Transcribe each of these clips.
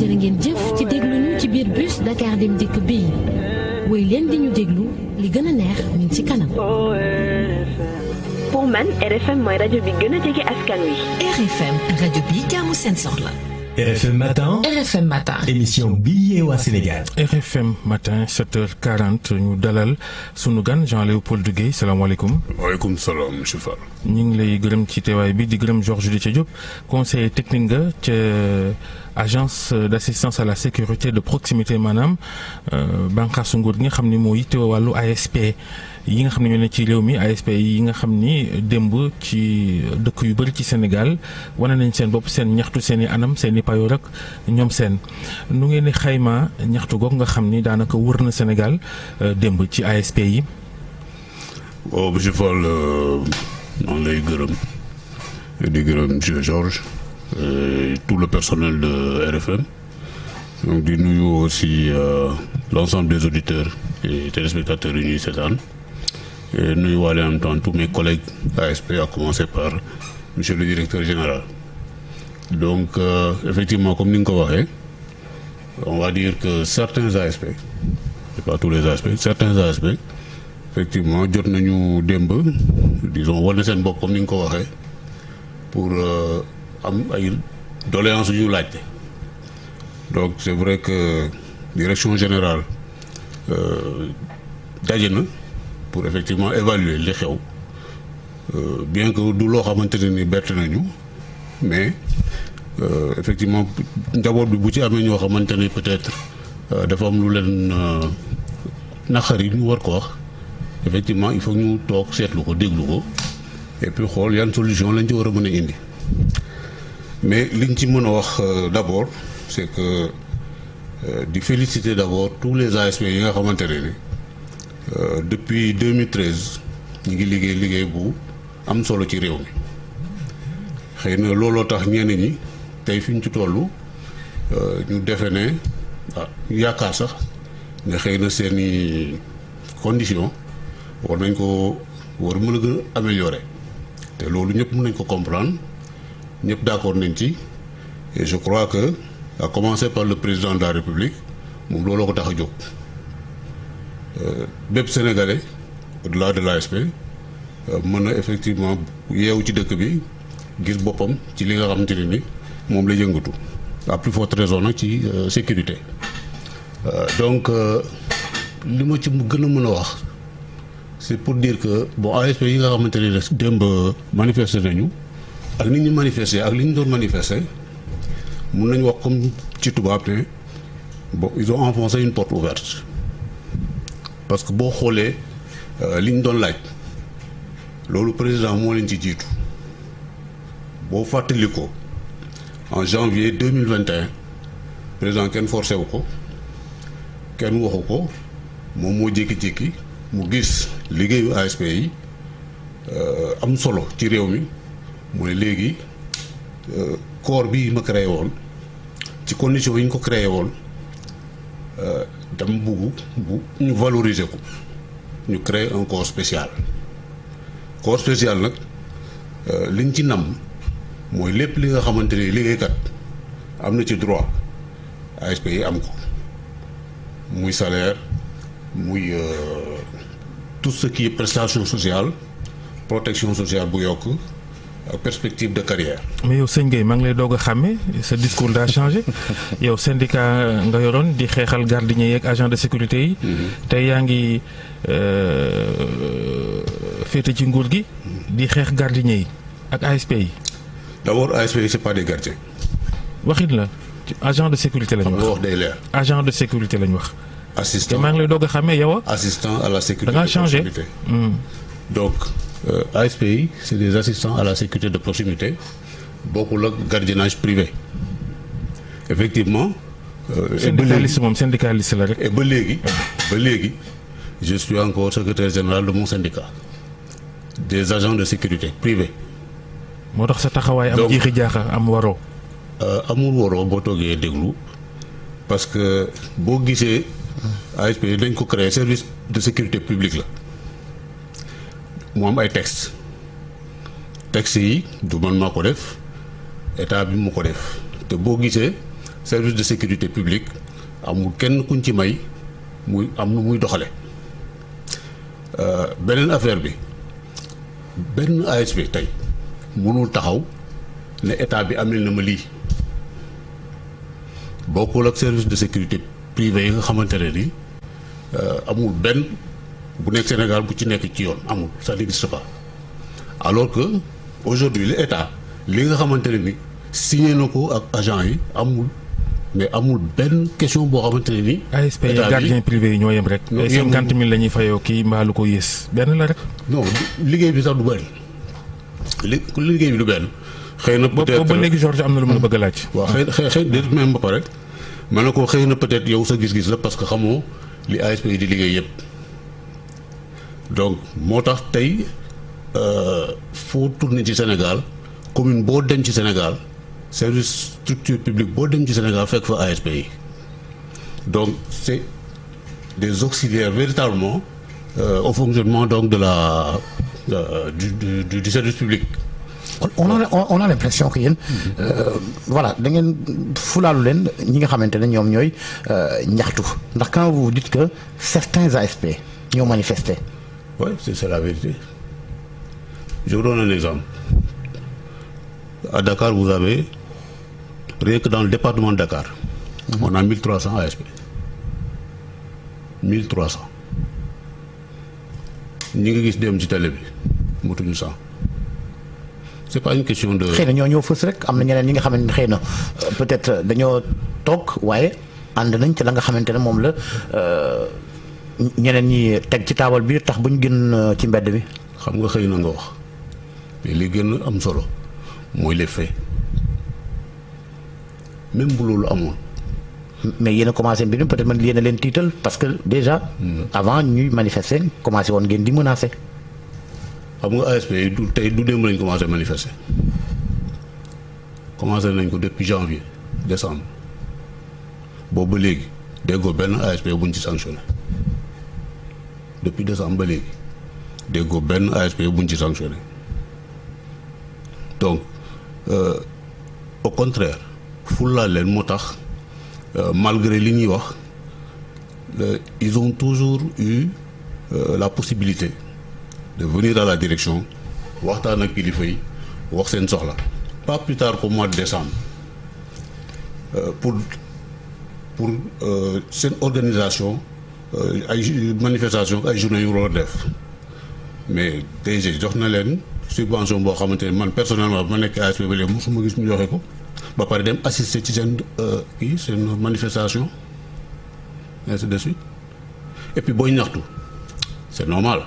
jërë ngeen jëf ci déglu ñu ci biir bus Dakar Dem Dikk bii woy leen di ñu déglu li gën a neex mi ci kanam. pour man RFM mooy rajo bi gën a jege askan wi. RFM rajo bi jaamu seen soxla. RFM Matin RFM Matin émission bi yeewaa Sénégal. Matin 7 h ñu dalal sunu gan Jean Léopold Guèye salaamaaleykum. waaleykum salaam monsieur Fall. ñu ngi lay gërëm ci teewaay bi di gërëm Georges Diatia Diop conseil technique nga ca euh, agence d' à la sécurité de proximité maanaam euh, bànqaasu nguur gi nga xam ni moo yitte wàllu ASP. yi nga xam ne ñoo ne ci réew mi ASP yi nga xam ni démb ci dëkk yu bëri ci Sénégal wane nañ seen bopp seen ñaxtu seen i anam seen i payoor ak ñoom seen nu ngeen xayma ñaxtu goog nga xam ni daanaka wër na Sénégal euh, démb ci ASP yi. waaw oh, monsieur Fall euh, maa ngi lay gërëm di gërëm monsieur Georges euh, tout le personnel de RFM di nuyu aussi l'ensemble des auditeurs et téléspectateurs yu seetaan Euh, nuyu waale en même temps tous mes collègues ASP à commencer par monsieur le directeur général donc euh, effectivement comme ni nga ko waxee on va dire que certains ASP c'est pas tous les ASP certains ASP effectivement jot nañu démb disons war seen bopp comme ni nga ko waxee pour euh, am ay doléances yu ñu laajte donc c'est vrai que direction générale daje na. pour effectivement évaluer li xew euh, bien que du loo xamante ne ni bett nañu mais euh, effectivement njaboot bi bu ci amee ñoo xamante ni peut-être euh, dafa am lu leen naqari ñu war ko wax effectivement il faut ñu toog seetlu ko déglu ko et puis xool yan solution lañ ci war a mën a indi mais liñ ci mën a wax d'abord c'est que di féliciter d'abord tous les ASP yi nga xamante ne ni Euh, depuis 2013 ñu ngi liggéey liggéey bu am solo ci réew mi xëy na looloo tax ñenn ñi tey fi ñu ci toll euh, ñu defe ne ah yaakaar sax ne xëy na seeni condition war nañ ko war mën a gën a te loolu ñëpp mun nañ ko comprendre ñëpp d'accord nañ ci et je crois que à commencer par le président de la République moom looloo ko tax a jóg. Euh, bépp sénégalais au de la l'ASP euh, mën na effectivement yeewu ci dëkk bi gis boppam ci li nga xamante ne ni moom la yëngatu à plus forte raison nag ci euh, sécurité donc li ma ci gën a mën a wax c'est pour dire que bon ASP yi nga xamante ne ni démb manifester nañu ak nit ñu manifester ak li ñu doon manifester mun nañu wax comme ci tubaab ne bon ils ont enfoncé une porte ouverte parce que boo xoolee euh, li ñu doon laaj loolu président moo leen ci jiitu boo fàttali ko en janvier deux mille vingt et président kenn forcé wu ko kenn waxu ko moom moo jékki-jékki mu gis liggéeyu ASP yi euh, am solo ci réew mi mu ne léegi euh, corps bi ma créé woon ci condition yi ñu ko créé woon. dama bugg bu ñu valoriser ko ñu créer un corps spécial corps spécial nag euh, liñ ci nam mooy lépp li nga xamante ni liggéeykat am na ci droit ASP yi am ko muy salaire muy euh, tout ce qui prestation sociale protection sociale bu yokk perspective de carrière. mais yow sëñ Gueye maa ngi lay doog a xàmme sa discours daa changé yow syndicat nga yoroon di xeexal gardien yeeg agent de sécurité yi. Mhm. tey yaa ngi euh, féete ci nguur gi. di xeex gardien yi ak ASP yi. d'abord ASP yi c'est pas des gardiens. waxin la agent de sécurité lañ wax wax day agent de sécurité lañ wax. assistant te maa ngi lay doog a xàmme yow. Ah. assistant à la sécurité da ngaa changé Euh, ASPI c'est des assistants à la sécurité de proximité bokkul ak gardiennage privé effectivement. Euh, syndicaliste moom syndicaliste la rek. et ba léegi ba léegi je suis encore secrétaire général de mon syndicat des agents de sécurité privés. moo tax sa taxawaay am jiixi jaaxa am waroo. Euh, amul waroo boo toogee déglu parce que boo gisee. ASP dañ ko créer service de sécurité publique la. mu am ay tex texte yi du man maa ko def état bi mu ko def te boo gisee service de sécurité publique amul kenn kuñ ci may muy am nu muy doxale euh, beneen affaire bi benn ASP tey mënul taxaw ne état bi amel na ma lii bokkul ak service de sécurité privé yi nga xamante ne ni euh, amul benn bu nekk Sénégal bu ci nekk ci yoon amul ça n'existe pas alors que aujourd'hui l'État li nga xamante ne ni signé na ko ak agent yi amul mais amul benn question boo xamante ne ni. ASP gardien privé yi ñoo yem rek. ñoo yem 50 000 la ñuy fayoo kii mbaalu ko yées benn la rek. non liggéey bi sax du bëri li liggéey bi du benn. xëy na peut léegi Georges am na lu ma bëgg a laaj. waaw xëy na xëy ne ko xëy na peut-être yow sa gis-gis la parce que xamoo li ASP di liggéey yëpp. donc moo tax tey euh, foo tourné ci Sénégal commune boo dem ci Sénégal service structure publique boo dem ci Sénégal fekk fa ASP yi donc c'est des auxiliaires véritablement euh, au fonctionnement donc de la euh, du, du du service public. on a on a l'impression que yéen mm-hmm. euh, voilà da ngeen fulaalu leen ñi nga xamante ne ñoom ñooy ñaxtu ndax quand vous dites que certains ASP ñoo manifesté. Oui, c'est la vérité. Je vous donne exemple. À Dakar, bu avez, rien que dans le département de Dakar, mmh. on a 1300 ASP. ñi ngi gis dem ci télé bi motuñu sax c' est une question de. xëy na ñoo ñëw fës rek am na ñeneen ñi nga xamante ne xëy na euh, peut-être euh, dañoo toog waaye ànd nañ ci la nga xamante ne moom la. Euh, ñeneen ñi teg ci taabal bi tax bu ñu gën euh, ci mbedd bi. xam nga xëy na nga wax mais li gën am solo mooy les faits même bu loolu amoon. mais yéen a commencé mbir mi peut man yéen a leen tiital parce que déjà. Hmm. avant ñuy manifester commencé woon ngeen di mën a se xam nga ASP yi tey du dem lañ commencé manifester commencé nañ ko depuis janvier décembre boobu ba léegi déggoo benn ASP buñ ci sanctionné. depuis décembre ba léegi déggoo benn ASP buñ ci sanctionné donc euh, au contraire fullaal leen moo tax euh, malgré li ñuy wax ils ont toujours eu euh, la possibilité de venir à la direction waxtaan ak kilifa yi wax seen soxla pas plus tard qu'au mois de décembre euh, pour pour euh, seen organisation Euh, ay manifestation ay journée yu war def mais DG jox na leen subvention boo xamante ne man personnellement ba ma nekk ASP ba léegi mosuma gis mu joxe ko ba pare dem assister ci seen euh, kii seen manifestation ainsi de suite et puis ñaxtu c'est normal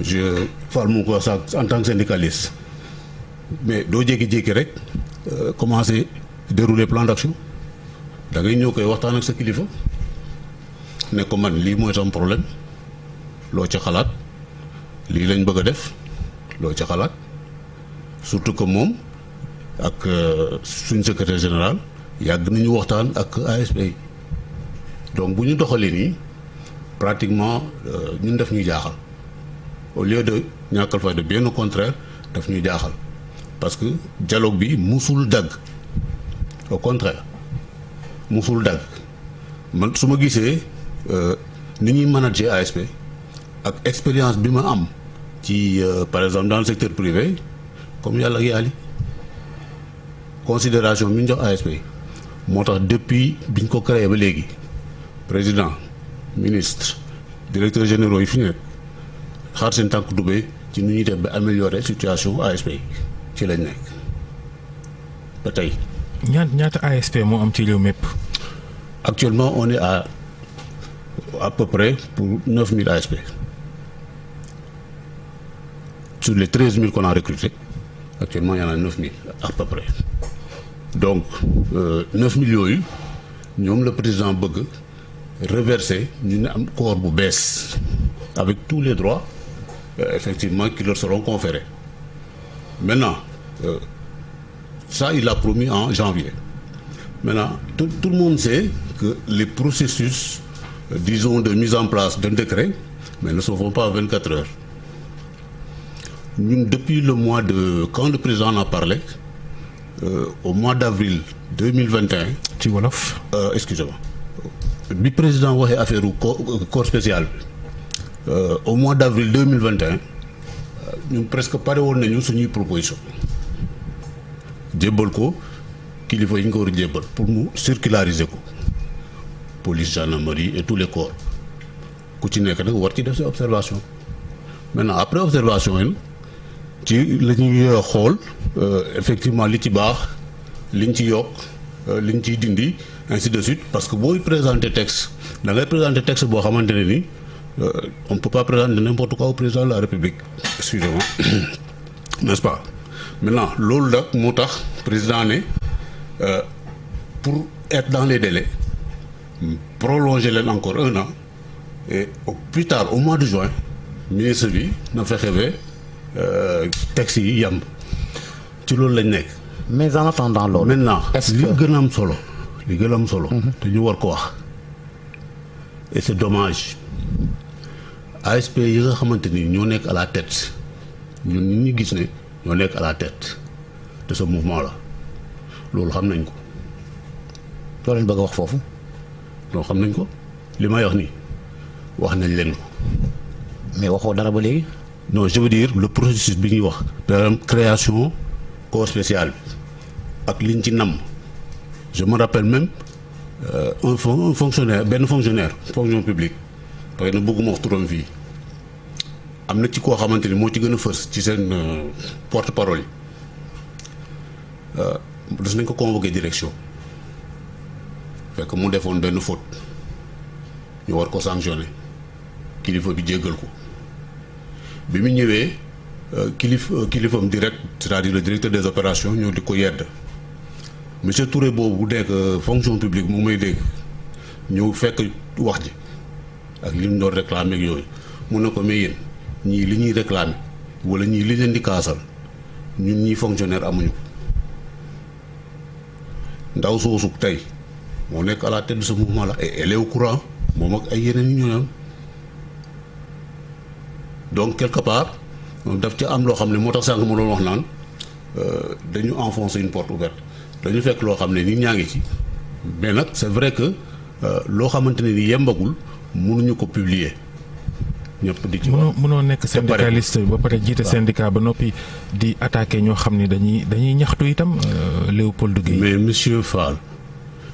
je mu ko sax en tant que syndicaliste mais doo jékki-jékki rek euh, commencer dérouler plan d'action da ngay ñëw koy waxtaan ak sa kilifa. ne ko man lii mooy sama problème loo ci xalaat lii lañ bëgg a def loo ci xalaat surtout comme moom ak euh, suñ secretaire général yàgg nañu waxtaan ak ASP donc bu ñu doxalee nii pratiquement euh, ñun daf ñuy jaaxal au lieu de ñàkkal fay de bien au contraire daf ñuy jaaxal parce que dialogue bi musul dagg au contraire musul dagg man su ma gisee. Euh, ni ñuy manager ASP ak expérience bi ma am ci euh, par exemple dans le secteur privé comme yàlla ak yàlli considération bi ñu jox ASP moo tax depuis biñ ko créé ba léegi président ministre directeur généraux yi fi nekk xaar seen tànk dubee ci nu ñuy def ba améliorer situation ASP ci lañ nekk ba tey. ñaata ñaata ASP moo am ci réew mépp. actuellement on est à à peu près pour 9000 ASP. Sur les 13000 qu'on a recrutés, actuellement il y en a 9000 à peu près. Donc 9000 euh, yooyu ñoom le président bëgg reverser ñu ne am corps bu bees avec tous les droits euh, effectivement qui leur seront conférés. Maintenant euh, ça il l'a promis en janvier. Maintenant tout, tout le monde sait que les processus disons, de mise en place d'un décret, mais na se font pas à 24 heures. depuis le mois de... Quand le président na a parlé, euh, au mois d'avril 2021... Ci wolof euh, bi président waxee affaire u euh, corps spécial bi euh, au mois d'avril 2021 ñun presque pare woon nañu suñuy proposition jébbal ko kilifa yi ñu ko war a jébbal pour mu circulariser ko police gendarmerie et tous les corps ku ci nekk nag war ci def sa observation maintenant après observation yi ci la ñuy euh, xool euh, effectivement li ci baax liñ ci yokk euh, li ñu ciy dindi ainsi de suite parce que booy présenter texte da ngay présenter texte boo xamante ne ni on ne peut pas présenter n'importe quoi au président la république excusez-moi n'est-ce pas maintenant loolu nag moo tax président ne pour être dans les délais prolonger leen encore un an et au plus au mois de juin ministre bi na fexe ba euh, texte yi yàmb ci loolu lañ nekk. mais en attendant loolu. naa li gën a am solo li gën a am solo. Mhm. te ñu war ko wax est c'est dommage ASP yi nga xamante ni ñoo nekk à la tête ñun gis ne ñoo nekk à la tête de ce mouvement loolu xam nañ ko. loo leen bëgg a wax foofu. loolu xam nañ ko li may wax nii wax nañ leen ko. mais waxoo dara ba léegi. no je veux le processus bi ñuy wax. maanaam création corps spécial ak liñ ci nam je me rappelle même euh, un, un fonctionnaire benn fonctionnaire fonction publique parce que na bëgguma wax turam fii am na ci koo xamante ni moo ci gën a fës ci seen euh, porte-parole yi euh, des nañ ko convoqué direction. fekk mu defoon benn faute ñu war ko sanctionné kilifa bi jéggal ko bi mu ñëwee euh, kilif euh, kilifam direct c'est-à-dire le directeur des opérations ñoo di ko yedd monsieur Touré boobu nekk euh, fonction publique mu may dégg ñëw fekk wax ji ak li mu doon réclamé ak yooyu mu ne ko mais yéen ñii li ñuy réclamé wala ñii li leen di kaasal ñun ñii fonctionnaire amuñu ko ndaw soosu tey moo nekk à la tête de ce la ay et elle courant moom ak ay yeneen ñu ñooñam donc quelque part daf ci am loo xam ne moo tax sànq ma doon wax naan euh, dañu enfoncer une porte ouverte dañu fekk loo xam ne nit ñaa ngi ci mais nag c'est vrai que euh, loo xamante ne ni yembagul mënuñu ko publier ñëpp di ci wax mënoo nekk syndicaliste ba pare jiite syndicat ba noppi di attaquer ñoo xam ne dañuy dañuy ñaxtu itam euh, Léopold Guèye mais monsieur Fall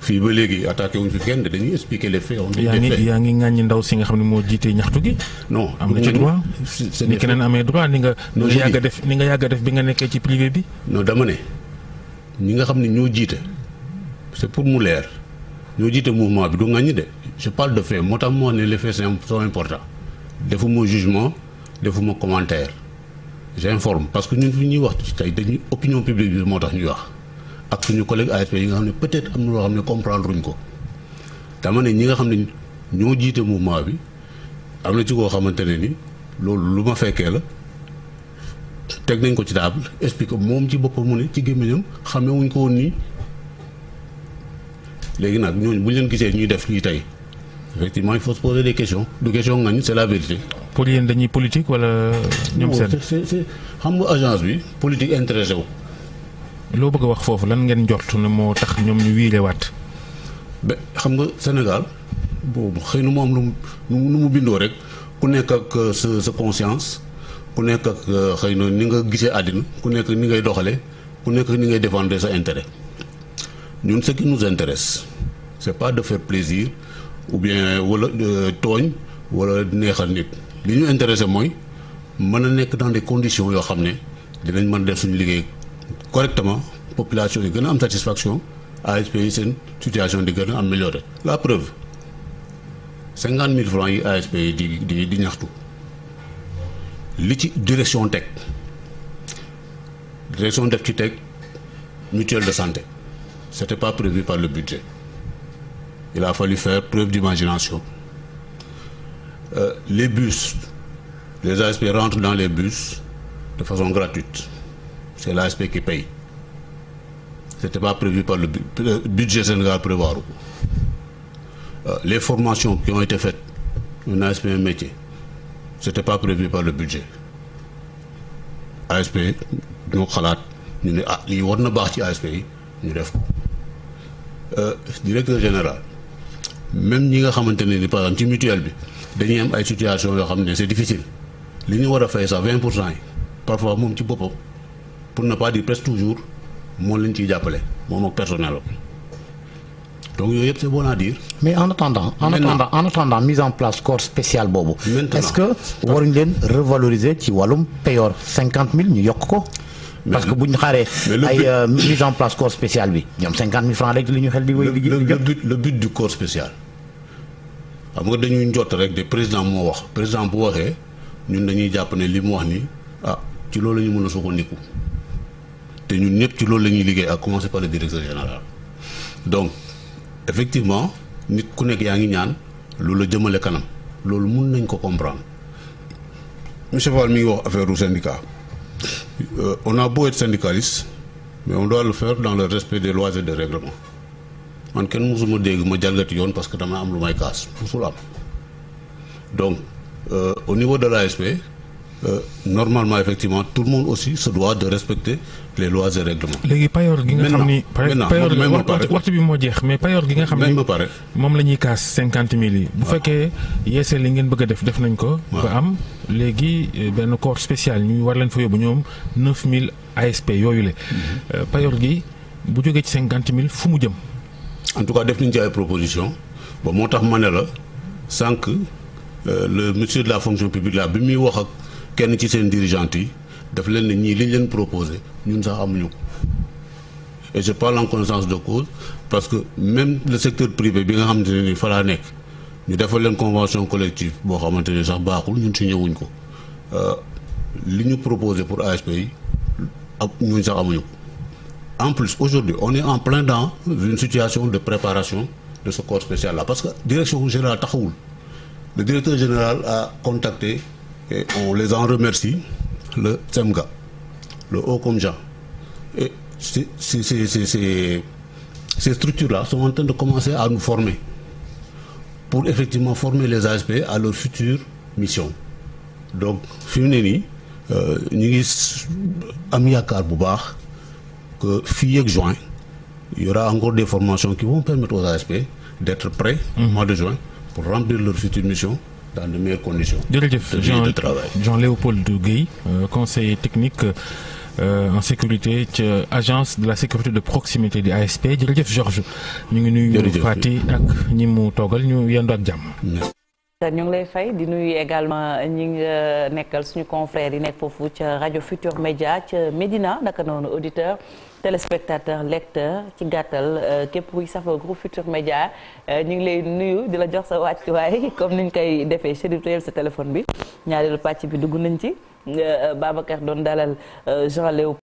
fii ba léegi attaqué wuñ fi kenn dañuy expliquer les faits. on dit si nga xam ne moo jiite ñaxtu gi. non am na ci droit ni keneen amee droit ni nga. ni nga def ni nga yàgg def bi nga nekkee ci privé bi. non dama ne ñi nga xam ne ñoo jiite c'est pour mu leer ñoo jiite mouvement bi du ŋàññi de je de fait moo tax moo ne les faits sont importants defuma jugement defuma commentaire j'informe parce que ñun fi ñuy wax tey dañuy opinion publique bi moo tax ñuy wax. ak suñu collègue ASP yi nga xam ne peut-être am na loo xam ne comprendre ruñ ko dama ne ñi nga xam ne ñoo jiite mouvement bi am na ci koo xamante ne ni loolu lu ma fekkee la teg nañ ko ci table expliqué moom ci boppam mu ne ci gémmiñam xamee wuñ ko woon nii léegi nag ñooñu bu leen gisee ñuy def lii tey effectivement il faut se poser des questions du question ngañ c'est la vérité. pour yéen dañuy politique wala ñoom seen. c'est c'est xam nga agence bi politique intéresé wu. loo bëgg a wax foofu lan ngeen njort ne moo tax ñoom ñu waat ba xam nga Sénégal boobu xëy na moom lu mu mu bindoo rek ku nekk ak euh, sa sa conscience ku nekk ak euh, xëy na ni nga gisee àddina ku nekk ni ngay doxalee ku nekk ni ngay défendre sa intérêt ñun ce qui nous intéresse c'est pas de faire plaisir ou bien euh, wala tooñ wala neexal nit li ñu intéressé mooy mën a nekk dans des conditions yoo xam ne dinañ mën def suñu liggéey. correctement population yi gën a am satisfaction ASP yi seen situation di gën a améliorer la preuve cinquante mille francs yi ASP yi di di di ñaxtu li ci direction teg direction def ci teg mutuelle de santé c'était pas prévu par le budget il a fallu faire preuve d'imagination euh, les bus les ASP rentrent dans les bus de façon gratuite c'est l'ASP qui paye c'était pas prévu par le euh, budget Sénégal prévoir euh, les formations qui ont été faites une ASP un métier c'était pas prévu par le budget ASP ñoo xalaat ñu ne ah lii war na baax ci ASP yi ñu def ko euh, directeur général même ñi nga xamante ne ni par exemple ci mutuelle bi dañuy am ay situation yoo xam ne c'est difficile li ñu war a fay sax vingt pour cent yi parfois moom ci boppam pour na pas dire presque toujours moo leen ciy jàppale moom ak personnel am donc yooyu yëpp c'est bon à dire. mais en attendant. en attendant en attendant mise en place corps spécial boobu. est-ce que waruñ leen revaloriser ci wàllum payor cinquante mille ñu yokk ko. parce que bu ñu xaaree. ay euh, mise en place corps spécial bi ñoom cinquante mille francs rek li ñu xel di. wéy liggéey le but le but du corps spécial. xam nga dañuy njott rek de président moo wax président bu waxee ñun dañuy jàpp ne li mu wax nii ah ci loolu la mën a sukkandiku. te ñun ñëpp ci loolu la ñuy liggéey ak commencer par le directeur général donc effectivement nit ku nekk yaa ngi ñaan loolu la jëmale kanam loolu mun nañ ko comprendre. monsieur Fall mi ngi wax affaire u syndicat euh, on a beau être syndicaliste mais on doit le faire dans le respect des lois et des règlements man kenn mësuma dégg ma jalgati yoon parce que dama am lu may kaas mësul am donc euh, au niveau de la l'ASP Euh, normalement effectivement tout le monde aussi se doit de respecter les lois et léegi payoor gi nga xam ni. payoor waxtu bi moo jeex mais payoor gi nga xam ni moom la ñuy kaas cinquante mille yi. bu fekkee yeeseel li ngeen bëgg a def def nañ ko. ba am léegi euh, benn corps spécial ñu war leen fa yóbbu ñoom neuf mille ASP yooyu la. Mhm. Euh, payoor gi bu jógee ci cinquante mille fu mu jëm. en tout cas def nañ ci ay proposition ba moo tax ma ne la sànq le monsieur de la fonction publique muy wax ak. kenn ci seen dirigeante yi daf leen ne ñii liñ ñu leen proposé ñun sax amuñu ko et je parle en connaissance de cause parce que même le secteur privé bi nga xamante ne nii fa laa nekk ñu defal leen convention collective boo xamante ne sax baaxul ñun si ñëwuñ ko euh, li ñu proposé pour ASP yi ak ñun sax amuñu ko en plus aujourd'hui on est en plein dans une situation de préparation de ce corps spécial là parce que direction générale taxawul le directeur général a Et on les en remercie, le SEMGA, le haut comme Et c est, c est, c est, ces structures-là sont en de commencer à nous former pour effectivement former les ASP à leur future mission. donc fi mu ne nii euh, ñu ngi am yaakaar bu baax que fii ak juin il y aura encore des formations qui vont permettre aux ASP d'être prêts mhm. mois de juin pour remplir leur future mission dans jërëjëf de, Jean, de travail Jean-Léopold Guèye euh, technique euh, en sécurité ci agence de la sécurité de proximité di ASP jërëjëf Georges. ñu ngi nuy Fati ak ñi mu toogal ñu yendu ak jàmm. ñu ngi lay fay di nuyu également ñi nga euh, nekkal suñu confrères yi nekk foofu ca rajo Futur Média ca Médina naka noonu auditeur téléspectateurs lecteurs ci gàttal euh, képp kuy safoo groupe Futur Média euh, ñu ngi lay nuyu di la jox sa wàccuwaay comme niñ koy defee Chérif teyel sa téléphone bi ñaareelu pàcc bi dugg nañ ci baba euh, Babacar doon dalal Jean Léopold